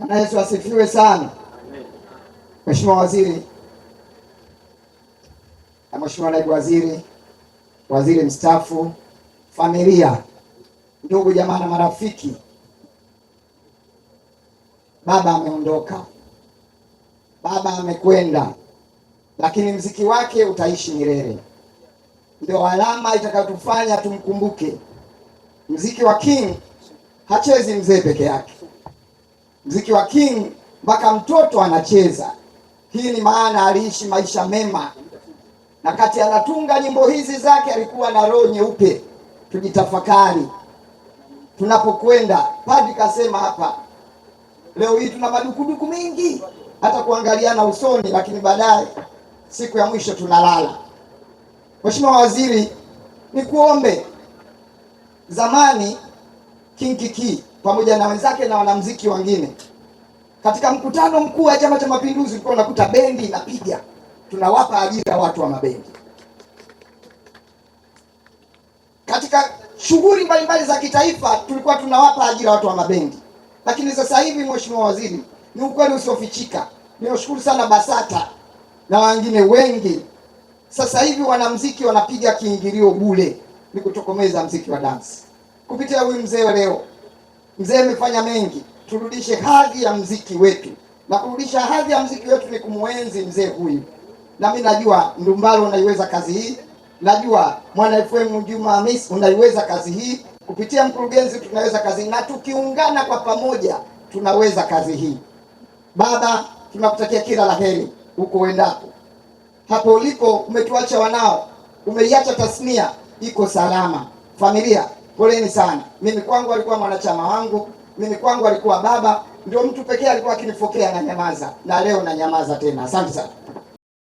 Bwana Yesu asifiwe sana. Mheshimiwa Waziri na Mheshimiwa Naibu Waziri, waziri mstaafu, familia, ndugu jamaa na marafiki, baba ameondoka, baba amekwenda, lakini mziki wake utaishi milele. Ndio alama itakayotufanya tumkumbuke. Mziki wa King hachezi mzee peke yake mziki wa King mpaka mtoto anacheza. Hii ni maana aliishi maisha mema, na kati anatunga nyimbo hizi zake alikuwa na roho nyeupe. Tujitafakari tunapokwenda. Padri kasema hapa leo hii tuna madukuduku mengi, hata kuangaliana usoni, lakini baadaye siku ya mwisho tunalala. Mheshimiwa Waziri, nikuombe zamani King Kiki pamoja na wenzake na wanamuziki wengine. Katika mkutano mkuu wa Chama cha Mapinduzi ulikuwa unakuta bendi inapiga, tunawapa ajira watu wa mabendi. Katika shughuli mbalimbali za kitaifa tulikuwa tunawapa ajira watu wa mabendi, lakini sasa hivi, Mheshimiwa Waziri, ni ukweli usiofichika, ninashukuru sana BASATA na wengine wengi, sasa hivi wanamuziki wanapiga kiingilio bule ni kutokomeza mziki wa dansi kupitia huyu mzee leo. Mzee amefanya mengi, turudishe hadhi ya mziki wetu, na kurudisha hadhi ya mziki wetu ni kumwenzi mzee huyu. Na mimi najua Ndumbaro unaiweza kazi hii, najua Mwana FM Juma Hamis unaiweza kazi hii, kupitia mkurugenzi tunaweza kazi, na tukiungana kwa pamoja tunaweza kazi hii. Baba, tunakutakia kila la heri huko uendapo. hapo ulipo. Umetuacha wanao, umeiacha tasnia iko salama, familia poleni sana. Mimi kwangu alikuwa mwanachama wangu, mimi kwangu alikuwa baba, ndio mtu pekee alikuwa akinifokea na nyamaza, na leo na nyamaza tena. Asante sana.